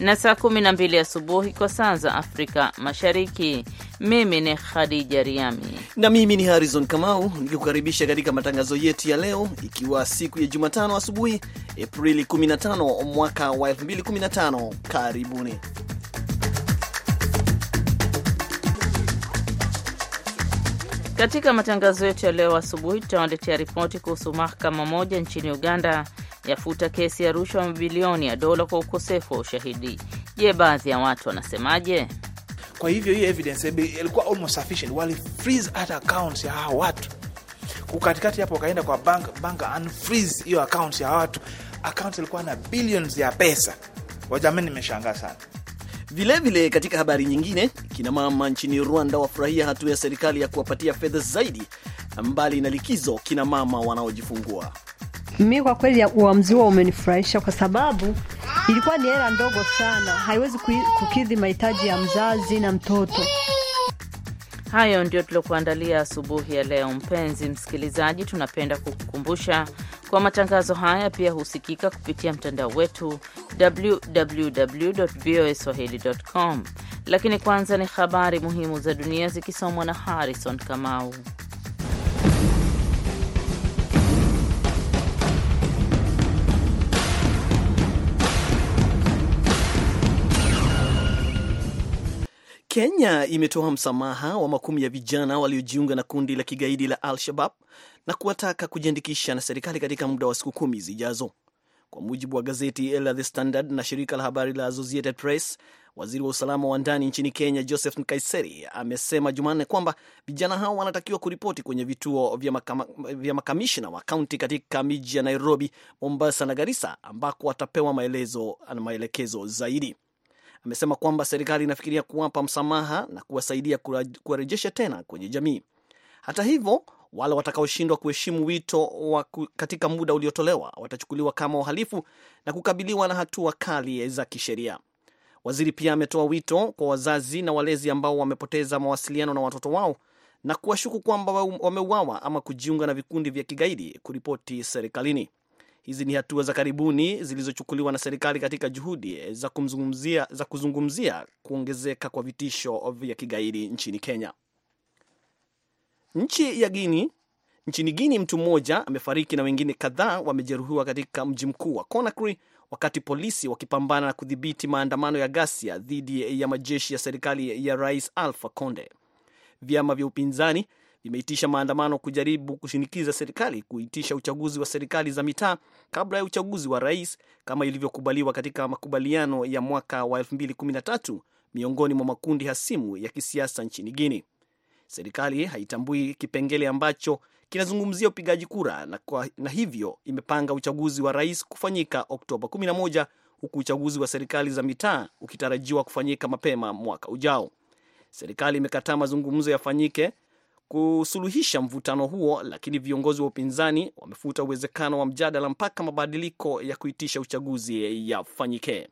na saa 12 asubuhi kwa saa za Afrika Mashariki. Mimi ni Khadija Riami na mimi ni Harrison Kamau nikikukaribisha katika matangazo yetu ya leo, ikiwa siku ya Jumatano asubuhi Aprili 15 mwaka wa 2015. Karibuni katika matangazo yetu ya leo asubuhi. Tutawaletea ripoti kuhusu mahakama moja nchini Uganda yafuta kesi ya rushwa mabilioni ya dola kwa ukosefu wa ushahidi. Je, baadhi ya watu wanasemaje? Kwa hivyo hii evidence eh, ilikuwa almost sufficient, wali freeze at accounts ya hawa watu kukatikati hapo, wakaenda kwa bank bank unfreeze hiyo accounts ya watu. Accounts ilikuwa na billions ya pesa. Wajamani, nimeshangaa sana. Vilevile vile katika habari nyingine, kina mama nchini Rwanda wafurahia hatua ya serikali ya kuwapatia fedha zaidi mbali na likizo kina mama wanaojifungua. Mimi kwa kweli uamuzi huo umenifurahisha kwa sababu ilikuwa ni hela ndogo sana, haiwezi kukidhi mahitaji ya mzazi na mtoto. Hayo ndio tuliokuandalia asubuhi ya leo. Mpenzi msikilizaji, tunapenda kukukumbusha kwa matangazo haya pia husikika kupitia mtandao wetu www www.voaswahili.com. Lakini kwanza ni habari muhimu za dunia zikisomwa na Harrison Kamau. Kenya imetoa msamaha wa makumi ya vijana waliojiunga na kundi la kigaidi la Al-Shabab na kuwataka kujiandikisha na serikali katika muda wa siku kumi zijazo. Kwa mujibu wa gazeti la The Standard na shirika la habari la Associated Press, waziri wa usalama wa ndani nchini Kenya Joseph Nkaiseri amesema Jumanne kwamba vijana hao wanatakiwa kuripoti kwenye vituo vya, makama, vya makamishna wa kaunti katika miji ya Nairobi, Mombasa na Garissa ambako watapewa maelezo na maelekezo zaidi amesema kwamba serikali inafikiria kuwapa msamaha na kuwasaidia kuwarejesha tena kwenye jamii. Hata hivyo, wale watakaoshindwa kuheshimu wito wa katika muda uliotolewa watachukuliwa kama wahalifu na kukabiliwa na hatua kali za kisheria. Waziri pia ametoa wito kwa wazazi na walezi ambao wamepoteza mawasiliano na watoto wao na kuwashuku kwamba wameuawa ama kujiunga na vikundi vya kigaidi kuripoti serikalini. Hizi ni hatua za karibuni zilizochukuliwa na serikali katika juhudi za, kumzungumzia, za kuzungumzia kuongezeka kwa vitisho vya kigaidi nchini Kenya. Nchi ya Guini, nchini Guini, mtu mmoja amefariki na wengine kadhaa wamejeruhiwa katika mji mkuu wa Conakry wakati polisi wakipambana na kudhibiti maandamano ya ghasia dhidi ya majeshi ya serikali ya Rais Alpha Conde. Vyama vya upinzani imeitisha maandamano kujaribu kushinikiza serikali kuitisha uchaguzi wa serikali za mitaa kabla ya uchaguzi wa rais kama ilivyokubaliwa katika makubaliano ya mwaka wa 2013 miongoni mwa makundi hasimu ya kisiasa nchini Guinea. Serikali haitambui kipengele ambacho kinazungumzia upigaji kura na, kwa, na hivyo imepanga uchaguzi wa rais kufanyika Oktoba 11 huku uchaguzi wa serikali za mitaa ukitarajiwa kufanyika mapema mwaka ujao. Serikali imekataa mazungumzo yafanyike kusuluhisha mvutano huo, lakini viongozi wa upinzani wamefuta uwezekano wa mjadala mpaka mabadiliko ya kuitisha uchaguzi yafanyike.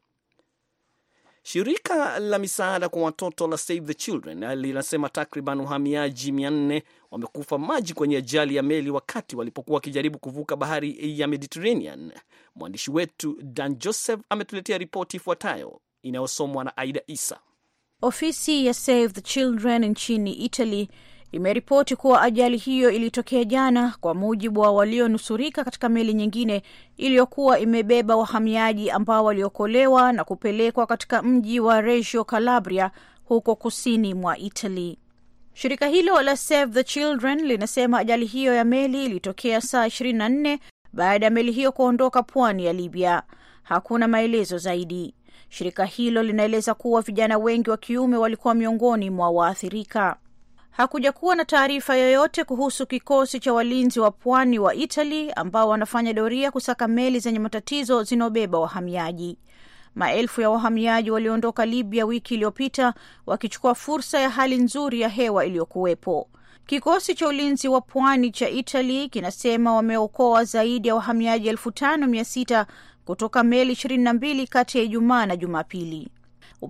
Shirika la misaada kwa watoto la Save the Children eh, linasema takriban wahamiaji 400 wamekufa maji kwenye ajali ya meli wakati walipokuwa wakijaribu kuvuka bahari ya Mediterranean. Mwandishi wetu Dan Joseph ametuletea ripoti ifuatayo inayosomwa na Aida Isa. Ofisi ya Save the Children nchini Italy imeripoti kuwa ajali hiyo ilitokea jana, kwa mujibu wa walionusurika katika meli nyingine iliyokuwa imebeba wahamiaji ambao waliokolewa na kupelekwa katika mji wa regio Calabria huko kusini mwa Italy. Shirika hilo la Save the Children linasema ajali hiyo ya meli ilitokea saa 24 baada ya meli hiyo kuondoka pwani ya Libya. Hakuna maelezo zaidi. Shirika hilo linaeleza kuwa vijana wengi wa kiume walikuwa miongoni mwa waathirika hakuja kuwa na taarifa yoyote kuhusu kikosi cha walinzi wa pwani wa Itali ambao wanafanya doria kusaka meli zenye matatizo zinaobeba wahamiaji. Maelfu ya wahamiaji walioondoka Libya wiki iliyopita wakichukua fursa ya hali nzuri ya hewa iliyokuwepo. Kikosi cha ulinzi wa pwani cha Itali kinasema wameokoa zaidi ya wahamiaji 56 mia kutoka meli 22 kati ya Ijumaa na Jumapili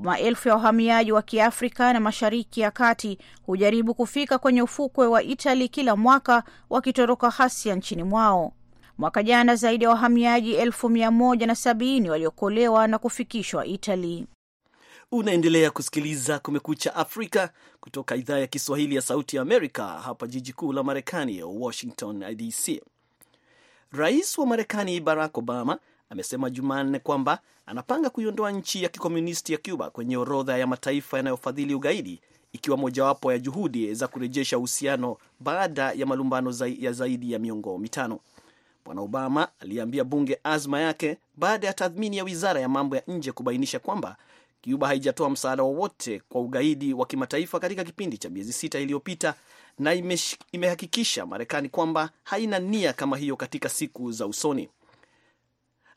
maelfu ya wahamiaji wa Kiafrika na Mashariki ya Kati hujaribu kufika kwenye ufukwe wa Itali kila mwaka wakitoroka hasia nchini mwao. Mwaka jana zaidi ya wahamiaji elfu mia moja na sabini waliokolewa na kufikishwa Itali. Unaendelea kusikiliza Kumekucha Afrika kutoka idhaa ya Kiswahili ya Sauti ya Amerika, hapa jiji kuu la Marekani, Washington DC. Rais wa Marekani Barack Obama amesema Jumanne kwamba anapanga kuiondoa nchi ya kikomunisti ya Cuba kwenye orodha ya mataifa yanayofadhili ugaidi ikiwa mojawapo ya juhudi za kurejesha uhusiano baada ya malumbano ya zaidi ya miongo mitano. Bwana Obama aliambia bunge azma yake baada ya tathmini ya wizara ya mambo ya nje kubainisha kwamba Cuba haijatoa msaada wowote kwa ugaidi wa kimataifa katika kipindi cha miezi sita iliyopita na imehakikisha Marekani kwamba haina nia kama hiyo katika siku za usoni.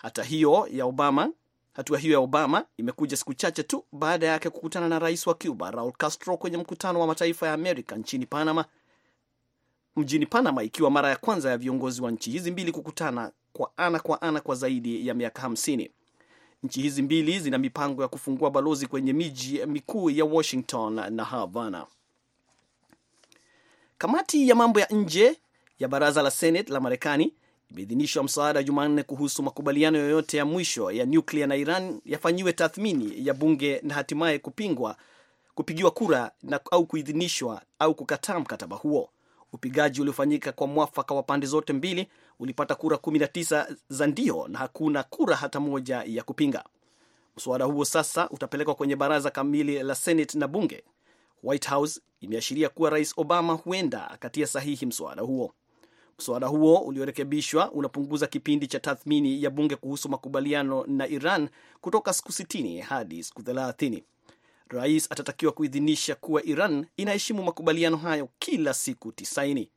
Hata hiyo ya Obama hatua hiyo ya Obama imekuja siku chache tu baada yake kukutana na rais wa Cuba Raul Castro kwenye mkutano wa mataifa ya Amerika nchini Panama, mjini Panama, ikiwa mara ya kwanza ya viongozi wa nchi hizi mbili kukutana kwa ana kwa ana kwa zaidi ya miaka hamsini. Nchi hizi mbili zina mipango ya kufungua balozi kwenye miji mikuu ya Washington na Havana. Kamati ya mambo ya nje ya baraza la Senate la Marekani imeidhinishwa ya msaada Jumanne kuhusu makubaliano yoyote ya mwisho ya nyuklia na Iran yafanyiwe tathmini ya bunge na hatimaye kupingwa, kupigiwa kura na au kuidhinishwa au kukataa mkataba huo. Upigaji uliofanyika kwa mwafaka wa pande zote mbili ulipata kura 19 za ndio na hakuna kura hata moja ya kupinga. Mswada huo sasa utapelekwa kwenye baraza kamili la Senate na bunge. White House imeashiria kuwa Rais Obama huenda akatia sahihi mswada huo. Mswada huo uliorekebishwa unapunguza kipindi cha tathmini ya bunge kuhusu makubaliano na Iran kutoka siku 60 hadi siku 30. Rais atatakiwa kuidhinisha kuwa Iran inaheshimu makubaliano hayo kila siku 90.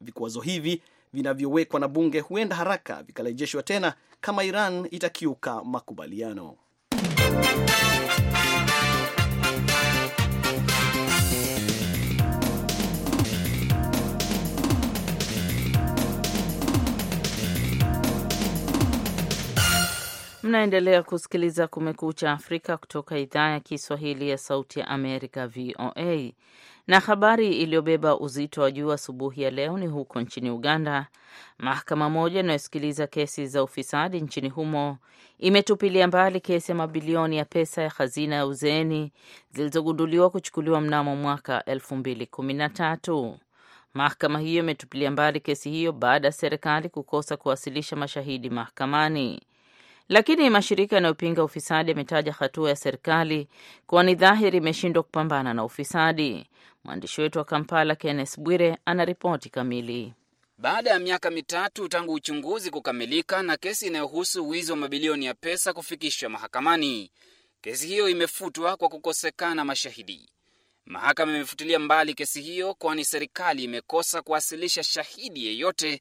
Vikwazo hivi vinavyowekwa na bunge huenda haraka vikarejeshwa tena kama Iran itakiuka makubaliano. Mnaendelea kusikiliza Kumekucha Afrika kutoka idhaa ya Kiswahili ya Sauti ya Amerika, VOA. Na habari iliyobeba uzito wa juu asubuhi ya leo ni huko nchini Uganda. Mahakama moja inayosikiliza kesi za ufisadi nchini humo imetupilia mbali kesi ya mabilioni ya pesa ya hazina ya uzeeni zilizogunduliwa kuchukuliwa mnamo mwaka 213 Mahakama hiyo imetupilia mbali kesi hiyo baada ya serikali kukosa kuwasilisha mashahidi mahakamani lakini mashirika yanayopinga ufisadi yametaja hatua ya serikali kuwa ni dhahiri imeshindwa kupambana na ufisadi. Mwandishi wetu wa Kampala, Kenneth Bwire, ana ripoti kamili. Baada ya miaka mitatu tangu uchunguzi kukamilika na kesi inayohusu wizi wa mabilioni ya pesa kufikishwa mahakamani, kesi hiyo imefutwa kwa kukosekana mashahidi. Mahakama imefutilia mbali kesi hiyo, kwani serikali imekosa kuwasilisha shahidi yeyote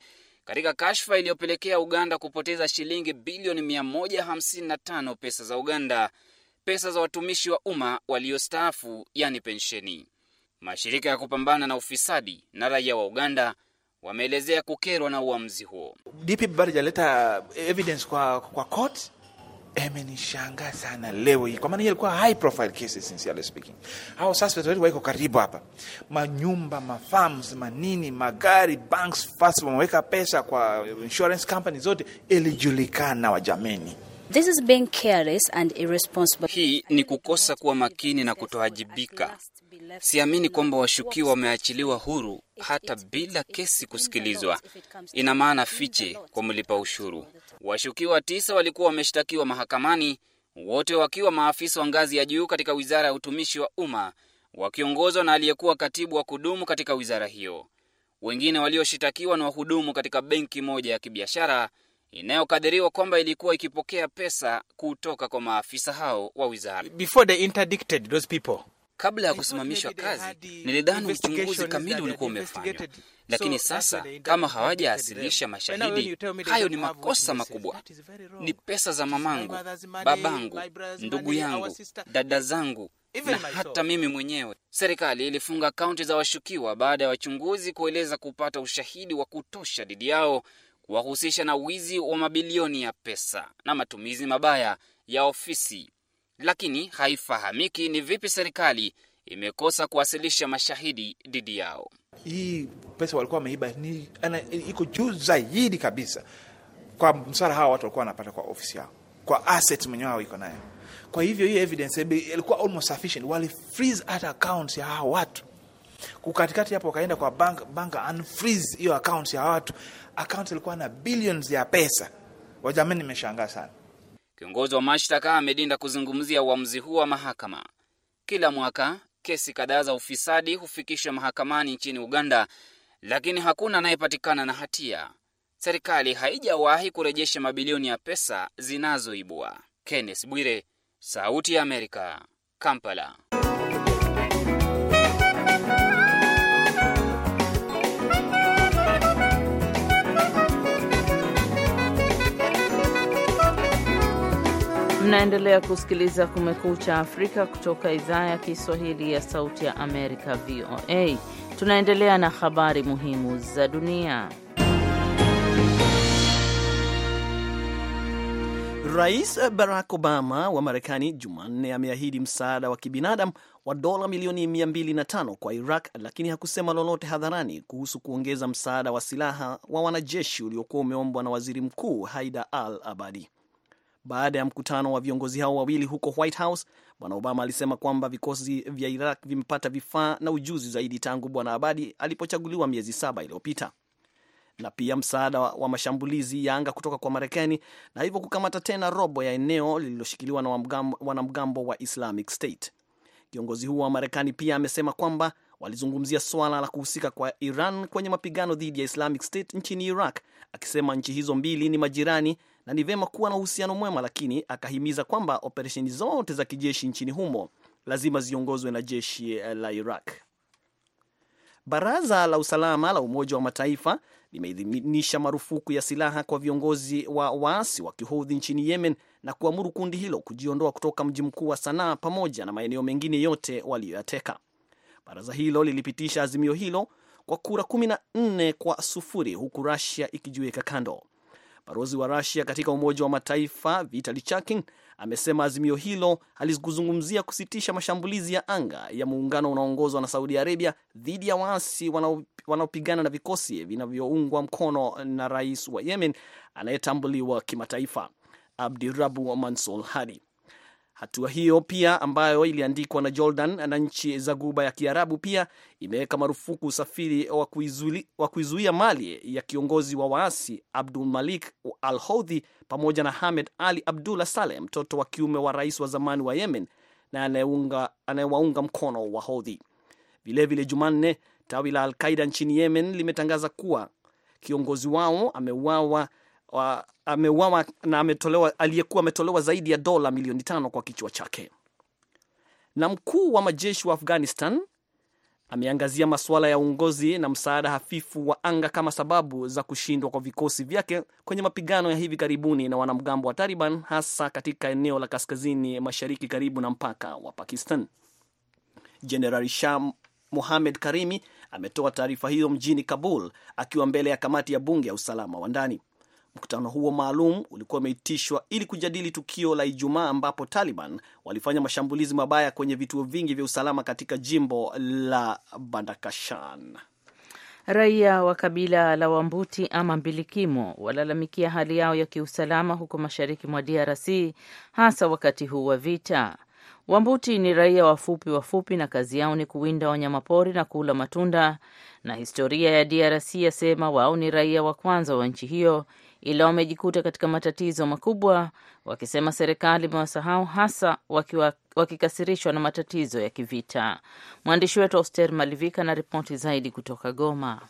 katika kashfa iliyopelekea Uganda kupoteza shilingi bilioni 155 pesa za Uganda, pesa za watumishi wa umma waliostaafu, yani pensheni. Mashirika ya kupambana na ufisadi na raia wa Uganda wameelezea kukerwa na uamuzi huo. DP bado hajaleta evidence kwa, kwa court amenishangaa sana leo hii, kwa maana hii alikuwa high profile sincerely speaking. Hao suspect wetu karibu hapa, manyumba, mafarms, manini, magari, banks, fast wameweka pesa kwa insurance company zote, ilijulikana wajameni. This is being careless and irresponsible. Hii ni kukosa kuwa makini na kutoajibika Siamini kwamba washukiwa wameachiliwa huru hata bila kesi kusikilizwa. Ina maana fiche kwa mlipa ushuru. Washukiwa tisa walikuwa wameshtakiwa mahakamani, wote wakiwa maafisa wa ngazi ya juu katika wizara ya utumishi wa umma wakiongozwa na aliyekuwa katibu wa kudumu katika wizara hiyo. Wengine walioshitakiwa ni wahudumu katika benki moja ya kibiashara inayokadiriwa kwamba ilikuwa ikipokea pesa kutoka kwa maafisa hao wa wizara. Before they interdicted those people Kabla ya kusimamishwa kazi, nilidhani uchunguzi kamili ulikuwa umefanywa, lakini sasa kama hawajaasilisha mashahidi, hayo ni makosa makubwa. Ni pesa za mamangu, babangu, ndugu yangu, dada zangu na hata mimi mwenyewe. Serikali ilifunga akaunti za washukiwa baada ya wachunguzi kueleza kupata ushahidi wa kutosha dhidi yao kuwahusisha na wizi wa mabilioni ya pesa na matumizi mabaya ya ofisi lakini haifahamiki ni vipi serikali imekosa kuwasilisha mashahidi dhidi yao. Hii pesa walikuwa wameiba iko juu zaidi kabisa kwa msara hawa watu walikuwa wanapata kwa ofisi yao, kwa asset mwenyewe iko nayo. Kwa hivyo hii evidence ilikuwa almost sufficient. Wali freeze hata accounts ya hawa watu kukatikati hapo, wakaenda kwa bank bank and hiyo accounts ya watu. Accounts ilikuwa na billions ya pesa. Wajamani, nimeshangaa sana. Kiongozi wa mashtaka amedinda kuzungumzia uamuzi huo wa mahakama. Kila mwaka kesi kadhaa za ufisadi hufikishwa mahakamani nchini Uganda, lakini hakuna anayepatikana na hatia. Serikali haijawahi kurejesha mabilioni ya pesa zinazoibwa. Kenneth Bwire, Sauti ya Amerika, Kampala. Mnaendelea kusikiliza Kumekucha Afrika kutoka idhaa ya Kiswahili ya Sauti ya Amerika, VOA. Tunaendelea na habari muhimu za dunia. Rais Barack Obama wa Marekani Jumanne ameahidi msaada wa kibinadamu wa dola milioni 205 kwa Iraq, lakini hakusema lolote hadharani kuhusu kuongeza msaada wa silaha wa wanajeshi uliokuwa umeombwa na waziri mkuu haida al Abadi. Baada ya mkutano wa viongozi hao wawili huko White House, Bwana Obama alisema kwamba vikosi vya Iraq vimepata vifaa na ujuzi zaidi tangu Bwana Abadi alipochaguliwa miezi saba iliyopita, na pia msaada wa mashambulizi ya anga kutoka kwa Marekani na hivyo kukamata tena robo ya eneo lililoshikiliwa na wanamgambo wa Islamic State. Kiongozi huo wa Marekani pia amesema kwamba walizungumzia swala la kuhusika kwa Iran kwenye mapigano dhidi ya Islamic State nchini Iraq, akisema nchi hizo mbili ni majirani na ni vema kuwa na uhusiano mwema, lakini akahimiza kwamba operesheni zote za kijeshi nchini humo lazima ziongozwe na jeshi eh, la Iraq. Baraza la usalama la Umoja wa Mataifa limeidhinisha marufuku ya silaha kwa viongozi wa waasi wa kihoudhi nchini Yemen na kuamuru kundi hilo kujiondoa kutoka mji mkuu wa Sanaa pamoja na maeneo mengine yote waliyoyateka. Baraza hilo lilipitisha azimio hilo kwa kura 14 kwa sufuri huku rasia ikijiweka kando. Balozi wa Rusia katika Umoja wa Mataifa Vitali Chakin amesema azimio hilo halikuzungumzia kusitisha mashambulizi ya anga ya muungano unaoongozwa na Saudi Arabia dhidi ya waasi wanaopigana na vikosi vinavyoungwa mkono na rais wa Yemen anayetambuliwa kimataifa Abdirabu Mansur Hadi. Hatua hiyo pia ambayo iliandikwa na Jordan na nchi za guba ya Kiarabu pia imeweka marufuku usafiri wa kuizuia mali ya kiongozi wa waasi Abdul Malik Al Houthi pamoja na Hamed Ali Abdullah Saleh, mtoto wa kiume wa rais wa zamani wa Yemen na anayewaunga mkono wa Houthi. Vilevile Jumanne, tawi la Al Qaida nchini Yemen limetangaza kuwa kiongozi wao ameuawa ameuawa na ametolewa, aliyekuwa ametolewa zaidi ya dola milioni tano kwa kichwa chake. Na mkuu wa majeshi wa Afghanistan ameangazia masuala ya uongozi na msaada hafifu wa anga kama sababu za kushindwa kwa vikosi vyake kwenye mapigano ya hivi karibuni na wanamgambo wa Taliban hasa katika eneo la kaskazini mashariki karibu na mpaka wa Pakistan. Jenerali Shah Mohamed Karimi ametoa taarifa hiyo mjini Kabul akiwa mbele ya kamati ya bunge ya usalama wa ndani. Mkutano huo maalum ulikuwa umeitishwa ili kujadili tukio la Ijumaa ambapo Taliban walifanya mashambulizi mabaya kwenye vituo vingi vya usalama katika jimbo la Bandakashan. Raia wa kabila la Wambuti ama mbilikimo walalamikia hali yao ya kiusalama huko mashariki mwa DRC, hasa wakati huu wa vita. Wambuti ni raia wafupi wafupi na kazi yao ni kuwinda wanyamapori na kula matunda, na historia ya DRC yasema wao ni raia wa kwanza wa nchi hiyo ila wamejikuta katika matatizo makubwa, wakisema serikali imewasahau hasa wakiwa, wakikasirishwa na matatizo ya kivita. Mwandishi wetu Auster Malivika na ripoti zaidi kutoka Goma.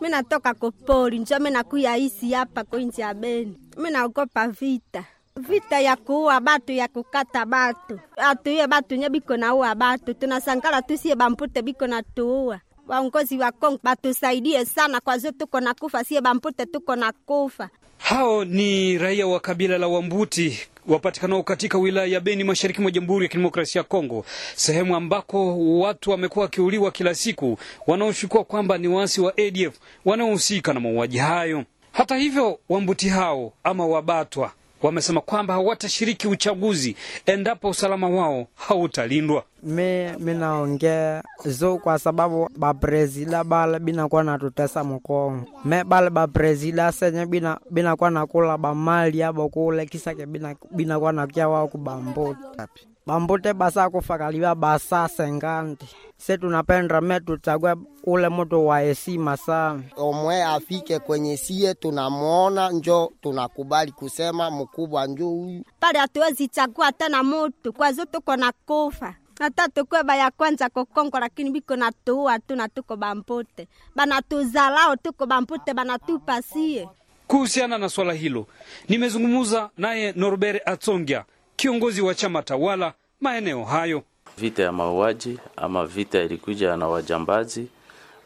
Mi natoka kopori njo mi nakuya isi hapa kwinji ya Beni. Mi naogopa vita, vita ya kuua batu ya kukata batu atuye batu nye biko naua batu tunasangala tusie bampute biko natuua waongozi wa Kongo batusaidie sana, kwa zio tuko na kufa sie Bambute, tuko na kufa. Hao ni raia wa kabila la Wambuti wapatikanao katika wilaya ya Beni mashariki mwa Jamhuri ya Kidemokrasia ya Kongo, sehemu ambako watu wamekuwa wakiuliwa kila siku, wanaoshukua kwamba ni waasi wa ADF wanaohusika na mauaji hayo. Hata hivyo, Wambuti hao ama Wabatwa wamesema kwamba hawatashiriki uchaguzi endapo usalama wao hautalindwa. Mi minaongea zo kwa sababu baprezida bale binakuwa natutesa mukongo me bale baprezida senye binakuwa nakula bamali abo kule kisake binakuwa nakya wao kubambuta bambute basa kufakaliwa basa sengandi se tunapenda me tutagwe ule mutu wa heshima sana, omwe afike kwenye sie tunamwona, njo tunakubali kusema mkubwa njo huyu pale. Hatuwezi chagua tena mutu kwazo, tuko na kufa nata tukwe baya kwanza kokongo, lakini biko natuua tu na tuko bambute banatuzalao, tuko bambute banatupasie. Kuhusiana na swala hilo nimezungumuza naye Norbert Atsongia kiongozi wa chama tawala maeneo hayo. Vita ya mauaji ama vita ilikuja na wajambazi,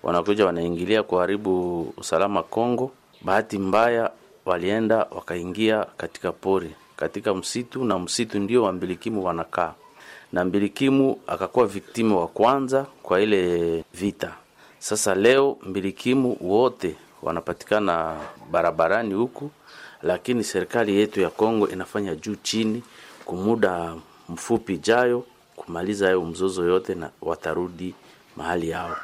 wanakuja wanaingilia kuharibu usalama Kongo. Bahati mbaya walienda wakaingia katika pori, katika msitu, na msitu ndio wambilikimu wanakaa, na mbilikimu akakuwa viktimu wa kwanza kwa ile vita. Sasa leo mbilikimu wote wanapatikana barabarani huku, lakini serikali yetu ya Kongo inafanya juu chini muda mfupi ijayo kumaliza hayo mzozo yote na watarudi mahali yao.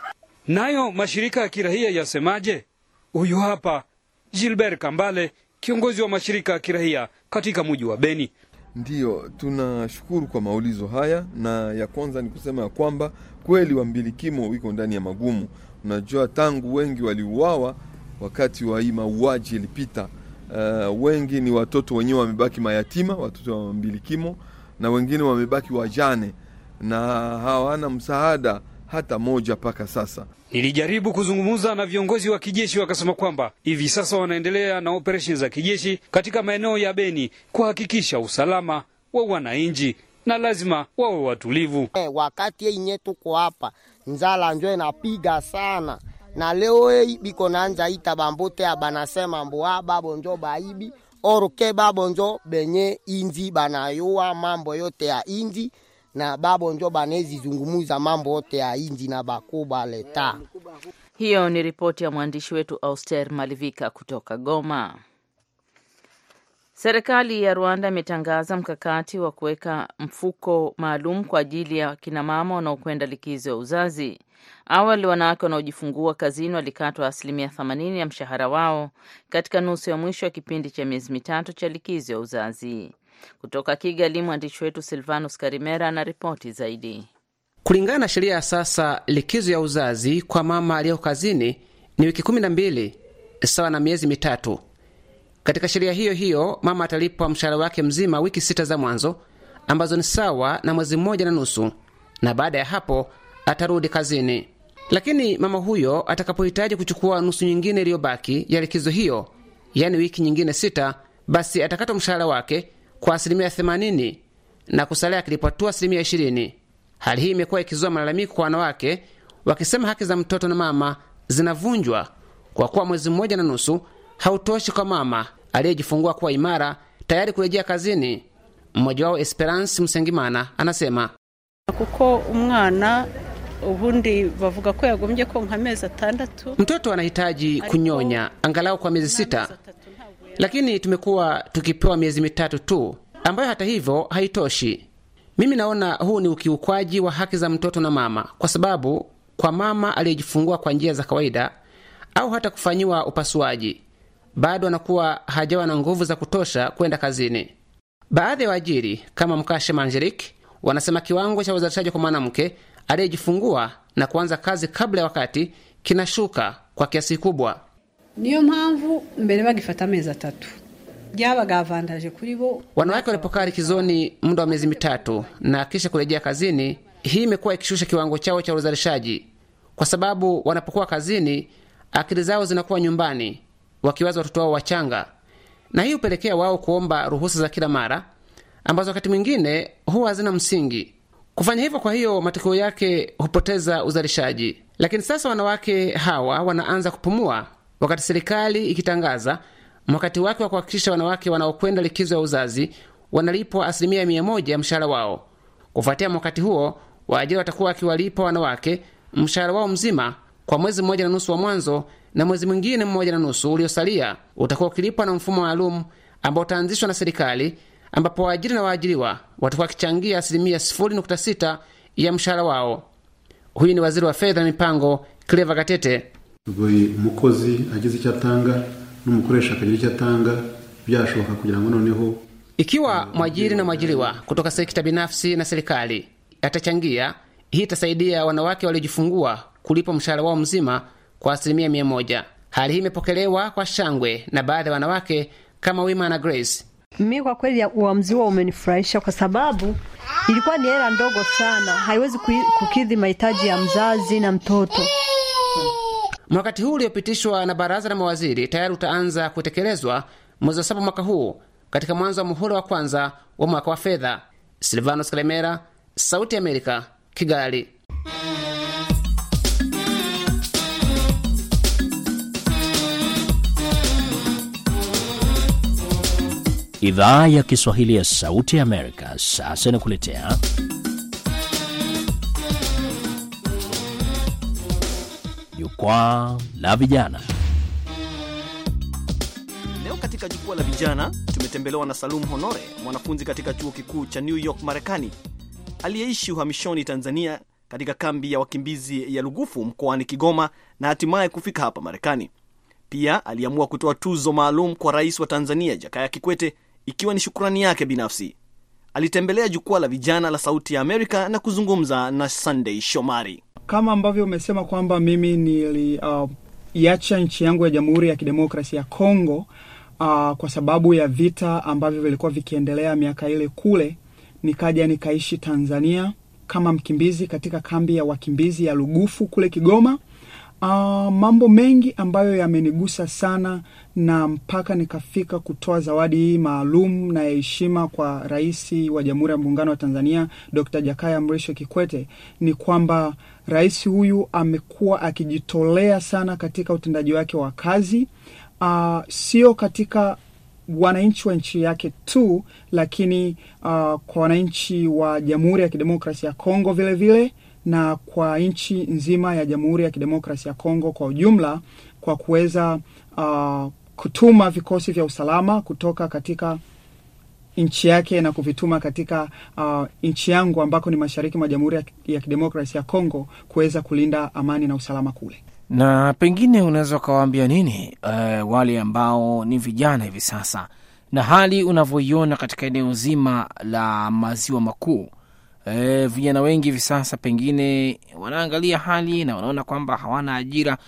Nayo mashirika ya kirahia yasemaje? Huyu hapa Gilbert Kambale, kiongozi wa mashirika ya kirahia katika mji wa Beni. Ndiyo, tunashukuru kwa maulizo haya, na ya kwanza ni kusema ya kwamba kweli wambilikimo wiko ndani ya magumu. Unajua, tangu wengi waliuawa wakati wa hii mauaji ilipita uh, wengi ni watoto wenyewe wamebaki mayatima, watoto wa mbilikimo, na wengine wamebaki wajane na hawana msaada hata moja mpaka sasa. Nilijaribu kuzungumza na viongozi wa kijeshi wakasema kwamba hivi sasa wanaendelea na operesheni za kijeshi katika maeneo ya Beni kuhakikisha usalama wa wananchi na lazima wawe watulivu. Hey, eh, wakati yenye tuko hapa, nzala njo inapiga sana na leo biko konanja ita bambote abanasema mboa babonjo baibi oruke babonjo benye inji banayua mambo yote ya inji na babonjo banezi zungumuza mambo yote ya inji na bakuba leta Hiyo ni ripoti ya mwandishi wetu Auster Malivika kutoka Goma. Serikali ya Rwanda imetangaza mkakati wa kuweka mfuko maalum kwa ajili ya kinamama wanaokwenda likizo ya uzazi. Awali, wanawake wanaojifungua kazini walikatwa asilimia 80 ya mshahara wao katika nusu ya mwisho ya kipindi cha miezi mitatu cha likizo ya uzazi. Kutoka Kigali, mwandishi wetu Silvanus Karimera ana ripoti zaidi. Kulingana na sheria ya sasa, likizo ya uzazi kwa mama aliyeko kazini ni wiki 12 sawa na miezi mitatu katika sheria hiyo hiyo, mama atalipwa mshahara wake mzima wiki sita za mwanzo ambazo ni sawa na mwezi mmoja na nusu, na baada ya hapo atarudi kazini. Lakini mama huyo atakapohitaji kuchukua nusu nyingine iliyobaki ya likizo hiyo, yani wiki nyingine sita, basi atakatwa mshahara wake kwa asilimia 80 na kusalia akilipwa tu asilimia 20. Hali hii imekuwa ikizua malalamiko kwa wanawake wakisema haki za mtoto na mama zinavunjwa kwa kuwa mwezi mmoja na nusu hautoshi kwa mama aliyejifungua kuwa imara tayari kurejea kazini. Mmoja wao Esperance msengimana anasema kuko umwana ubundi bavuga ko yagombye konka amezi atandatu. Mtoto anahitaji kunyonya angalau kwa miezi sita, lakini tumekuwa tukipewa miezi mitatu tu, ambayo hata hivyo haitoshi. Mimi naona huu ni ukiukwaji wa haki za mtoto na mama, kwa sababu kwa mama aliyejifungua kwa njia za kawaida au hata kufanyiwa upasuaji bado anakuwa hajawa na nguvu za kutosha kwenda kazini. Baadhi ya waajiri kama Mkashe Manjerik wanasema kiwango cha uzalishaji kwa mwanamke aliyejifungua na kuanza kazi kabla ya wakati kinashuka kwa kiasi kikubwa. niyo mpamvu mbele bagifata amezi atatu byabaga avantaje kuri bo. Wanawake walipokaa likizoni muda wa miezi mitatu na kisha kurejea kazini, hii imekuwa ikishusha kiwango chao cha uzalishaji, kwa sababu wanapokuwa kazini akili zao zinakuwa nyumbani wakiwaza watoto wao wachanga, na hii hupelekea wao kuomba ruhusa za kila mara ambazo wakati mwingine huwa hazina msingi. Kufanya hivyo, kwa hiyo matokeo yake hupoteza uzalishaji. Lakini sasa wanawake hawa wanaanza kupumua, wakati serikali ikitangaza mkakati wake wa kuhakikisha wanawake wanaokwenda likizo ya uzazi wanalipwa asilimia mia moja ya mshahara wao. Kufuatia mkakati huo, waajiri watakuwa wakiwalipa wanawake mshahara wao mzima kwa mwezi mmoja na nusu wa mwanzo na mwezi mwingine mmoja na nusu uliosalia utakuwa ukilipwa na mfumo maalum ambao utaanzishwa na serikali, ambapo waajiri na waajiriwa watakuwa wakichangia asilimia 0.6 ya mshahara wao. Huyu ni waziri wa fedha na mipango Cleva Gatete. buri mukozi agize icyo atanga n'umukoresha akagira icyo atanga byashoboka kugira ngo noneho ikiwa mwajiri na mwajiriwa kutoka sekta binafsi na serikali atachangia, hii itasaidia wanawake waliojifungua kulipa mshahara wao mzima kwa asilimia mia moja. Hali hii imepokelewa kwa shangwe na baadhi ya wanawake kama Wima na Grace. Mi kwa kweli uamuzi huo umenifurahisha kwa sababu ilikuwa ni hela ndogo sana, haiwezi kukidhi mahitaji ya mzazi na mtoto. Mwakati hmm. huu uliopitishwa na baraza la mawaziri tayari utaanza kutekelezwa mwezi wa saba mwaka huu katika mwanzo wa muhula wa kwanza wa mwaka wa fedha. Silvanos Kalemera, Sauti ya Amerika, Kigali. mm. Idhaa ya Kiswahili ya Sauti ya Amerika sasa inakuletea Jukwaa la Vijana. Leo katika Jukwaa la Vijana tumetembelewa na Salum Honore, mwanafunzi katika chuo kikuu cha New York Marekani, aliyeishi uhamishoni Tanzania katika kambi ya wakimbizi ya Lugufu mkoani Kigoma na hatimaye kufika hapa Marekani. Pia aliamua kutoa tuzo maalum kwa rais wa Tanzania Jakaya Kikwete ikiwa ni shukrani yake binafsi. Alitembelea jukwaa la vijana la Sauti ya Amerika na kuzungumza na Sunday Shomari. Kama ambavyo umesema kwamba mimi niliacha uh, nchi yangu ya Jamhuri ya Kidemokrasia ya Kongo uh, kwa sababu ya vita ambavyo vilikuwa vikiendelea miaka ile kule, nikaja nikaishi Tanzania kama mkimbizi katika kambi ya wakimbizi ya Lugufu kule Kigoma Uh, mambo mengi ambayo yamenigusa sana na mpaka nikafika kutoa zawadi hii maalum na ya heshima kwa Rais wa Jamhuri ya Muungano wa Tanzania Dr. Jakaya Mrisho Kikwete ni kwamba rais huyu amekuwa akijitolea sana katika utendaji wake wa kazi, uh, sio katika wananchi wa nchi yake tu, lakini uh, kwa wananchi wa Jamhuri ya Kidemokrasia ya Kongo vilevile vile, na kwa nchi nzima ya Jamhuri ya kidemokrasi ya Kongo kwa ujumla kwa kuweza uh, kutuma vikosi vya usalama kutoka katika nchi yake na kuvituma katika uh, nchi yangu ambako ni mashariki mwa Jamhuri ya kidemokrasi ya Kongo kuweza kulinda amani na usalama kule. Na pengine unaweza ukawaambia nini uh, wale ambao ni vijana hivi sasa na hali unavyoiona katika eneo zima la maziwa makuu e, vijana wengi hivi sasa pengine wanaangalia hali na wanaona kwamba hawana ajira,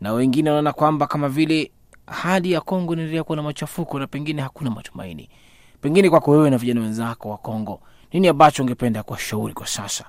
na wengine wanaona kwamba kama vile hali ya Kongo inaendelea kuwa na machafuko na pengine hakuna matumaini. Pengine kwako wewe na vijana wenzako wa Kongo, nini ambacho ungependa kuwashauri kwa sasa?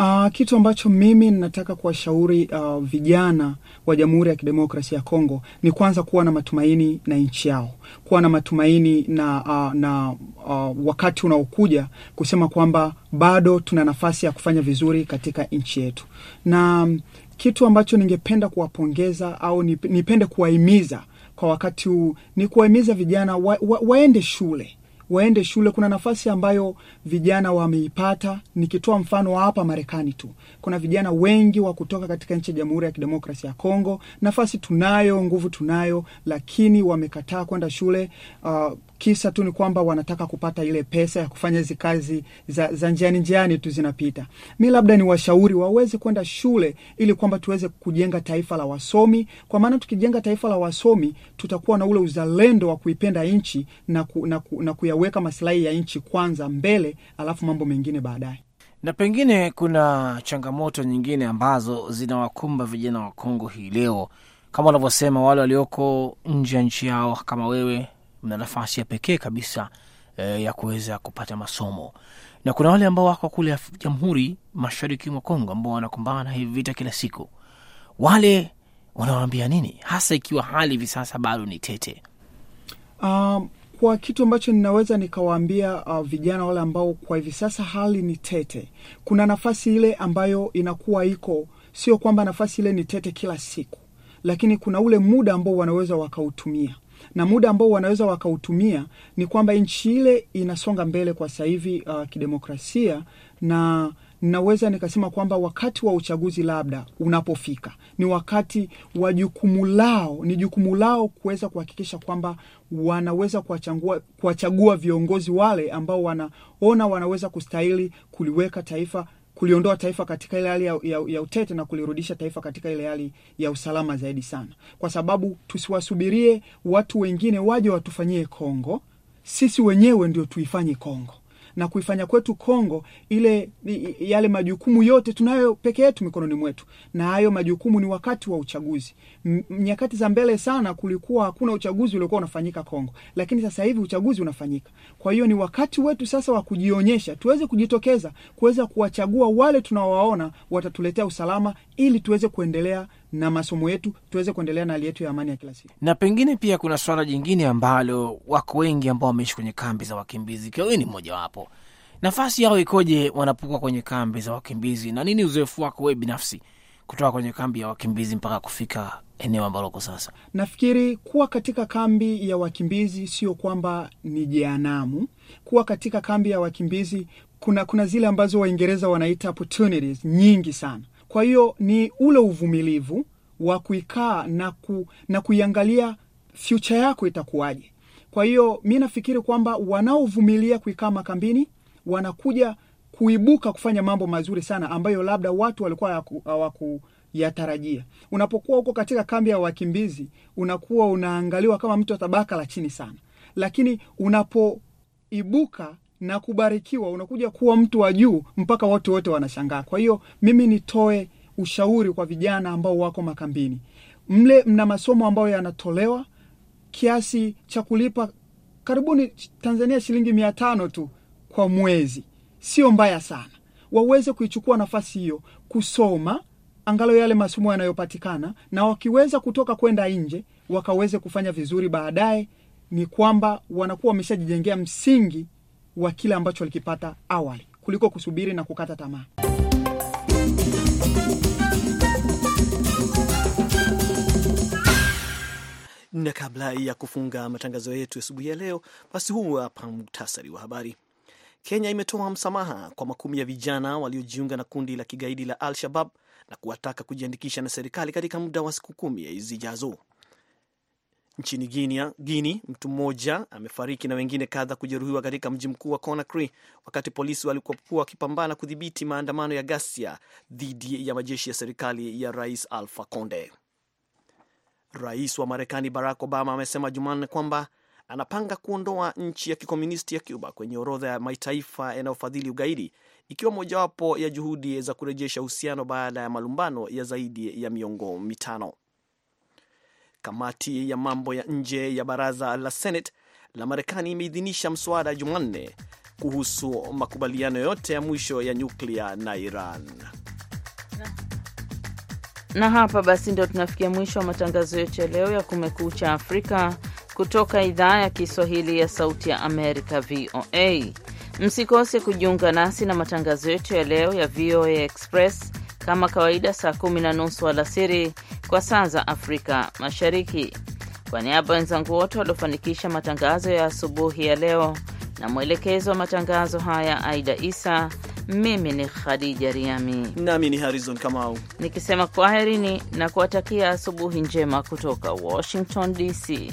Uh, kitu ambacho mimi nataka kuwashauri uh, vijana wa Jamhuri ya Kidemokrasia ya Kongo ni kwanza kuwa na matumaini na nchi yao, kuwa na matumaini na, uh, na uh, wakati unaokuja kusema kwamba bado tuna nafasi ya kufanya vizuri katika nchi yetu. Na mm, kitu ambacho ningependa kuwapongeza au nipende kuwahimiza kwa wakati huu ni kuwahimiza vijana wa, wa, waende shule waende shule. Kuna nafasi ambayo vijana wameipata. Nikitoa mfano wa hapa Marekani tu, kuna vijana wengi wa kutoka katika nchi ya Jamhuri ya Kidemokrasia ya Kongo. Nafasi tunayo, nguvu tunayo, lakini wamekataa kwenda shule uh, kisa tu ni kwamba wanataka kupata ile pesa ya kufanya hizi kazi za, za njiani njiani tu zinapita. Mi labda ni washauri waweze kwenda shule ili kwamba tuweze kujenga taifa la wasomi, kwa maana tukijenga taifa la wasomi tutakuwa na ule uzalendo wa kuipenda nchi na, ku, na, ku, na kuyaweka masilahi ya nchi kwanza mbele, alafu mambo mengine baadaye. Na pengine kuna changamoto nyingine ambazo zinawakumba vijana wa Kongo hii leo, kama wanavyosema wale walioko nje ya nchi yao kama wewe mna nafasi ya pekee kabisa e, ya kuweza kupata masomo. Na kuna wale ambao wako kule Jamhuri Mashariki mwa Kongo ambao wanakumbana na hivi vita kila siku, wale wanawaambia nini hasa ikiwa hali hivi sasa bado ni tete? Um, kwa kitu ambacho ninaweza nikawaambia uh, vijana wale ambao kwa hivi sasa hali ni tete, kuna nafasi ile ambayo inakuwa iko, sio kwamba nafasi ile ni tete kila siku, lakini kuna ule muda ambao wanaweza wakautumia na muda ambao wanaweza wakautumia ni kwamba nchi ile inasonga mbele kwa sasa hivi uh, kidemokrasia na naweza nikasema kwamba wakati wa uchaguzi labda unapofika ni wakati wa jukumu lao, ni jukumu lao kuweza kuhakikisha kwamba wanaweza kuwachagua kuwachagua viongozi wale ambao wanaona wanaweza kustahili kuliweka taifa kuliondoa taifa katika ile hali ya, ya, ya utete na kulirudisha taifa katika ile hali ya usalama zaidi sana, kwa sababu tusiwasubirie watu wengine waje watufanyie Kongo, sisi wenyewe ndio tuifanye Kongo na kuifanya kwetu Kongo ile yale majukumu yote tunayo peke yetu mikononi mwetu, na hayo majukumu ni wakati wa uchaguzi. Nyakati za mbele sana kulikuwa hakuna uchaguzi uliokuwa unafanyika Kongo, lakini sasa hivi uchaguzi unafanyika. Kwa hiyo ni wakati wetu sasa wa kujionyesha, tuweze kujitokeza kuweza kuwachagua wale tunawaona watatuletea usalama, ili tuweze kuendelea na masomo yetu tuweze kuendelea na hali yetu ya amani ya kila siku. Na pengine pia kuna swala jingine ambalo wako wengi ambao wameishi kwenye kambi za wakimbizi, ikiwa ni mmojawapo, nafasi yao ikoje wanapokuwa kwenye kambi za wakimbizi, na nini uzoefu wako wee binafsi kutoka kwenye kambi ya wakimbizi mpaka kufika eneo ambalo ko sasa? Nafikiri kuwa katika kambi ya wakimbizi sio kwamba ni jeanamu Kuwa katika kambi ya wakimbizi kuna kuna zile ambazo Waingereza wanaita opportunities nyingi sana kwa hiyo ni ule uvumilivu wa kuikaa na, ku, na kuiangalia fyucha yako itakuwaje. Kwa hiyo mi nafikiri kwamba wanaovumilia kuikaa makambini wanakuja kuibuka kufanya mambo mazuri sana ambayo labda watu walikuwa hawakuyatarajia. Unapokuwa huko katika kambi ya wakimbizi, unakuwa unaangaliwa kama mtu wa tabaka la chini sana, lakini unapoibuka na kubarikiwa, unakuja kuwa mtu wa juu mpaka watu wote wanashangaa. Kwa hiyo mimi nitoe ushauri kwa vijana ambao wako makambini, mle mna masomo ambayo yanatolewa kiasi cha kulipa karibuni Tanzania shilingi mia tano tu kwa mwezi, sio mbaya sana. Waweze kuichukua nafasi hiyo kusoma angalau yale masomo yanayopatikana, na wakiweza kutoka kwenda nje wakaweze kufanya vizuri baadaye, ni kwamba wanakuwa wameshajijengea msingi wa kile ambacho walikipata awali kuliko kusubiri na kukata tamaa. Na kabla ya kufunga matangazo yetu asubuhi ya leo, basi huu hapa muktasari wa habari. Kenya imetoa msamaha kwa makumi ya vijana waliojiunga na kundi la kigaidi la Al-Shabab na kuwataka kujiandikisha na serikali katika muda wa siku kumi zijazo. Nchini Guinea, Guinea, mtu mmoja amefariki na wengine kadha kujeruhiwa katika mji mkuu wa Conakry wakati polisi walikuwa wakipambana kudhibiti maandamano ya ghasia dhidi ya majeshi ya serikali ya Rais Alpha Conde. Rais wa Marekani Barack Obama amesema Jumanne kwamba anapanga kuondoa nchi ya kikomunisti ya Cuba kwenye orodha ya mataifa yanayofadhili ugaidi ikiwa mojawapo ya juhudi za kurejesha uhusiano baada ya malumbano ya zaidi ya miongo mitano. Kamati ya mambo ya nje ya baraza la Senate la Marekani imeidhinisha mswada Jumanne kuhusu makubaliano yote ya mwisho ya nyuklia na Iran na hapa basi ndio tunafikia mwisho wa matangazo yetu ya leo ya Kumekucha Afrika kutoka idhaa ya Kiswahili ya Sauti ya Amerika, VOA. Msikose kujiunga nasi na matangazo yetu ya leo ya VOA Express kama kawaida, saa kumi na nusu alasiri kwa saa za Afrika Mashariki. Kwa niaba ya wenzangu wote waliofanikisha matangazo ya asubuhi ya leo na mwelekezo wa matangazo haya Aida Isa, mimi ni Khadija Riami nami ni Harizon Kamau nikisema kwaherini na kuwatakia asubuhi njema kutoka Washington DC.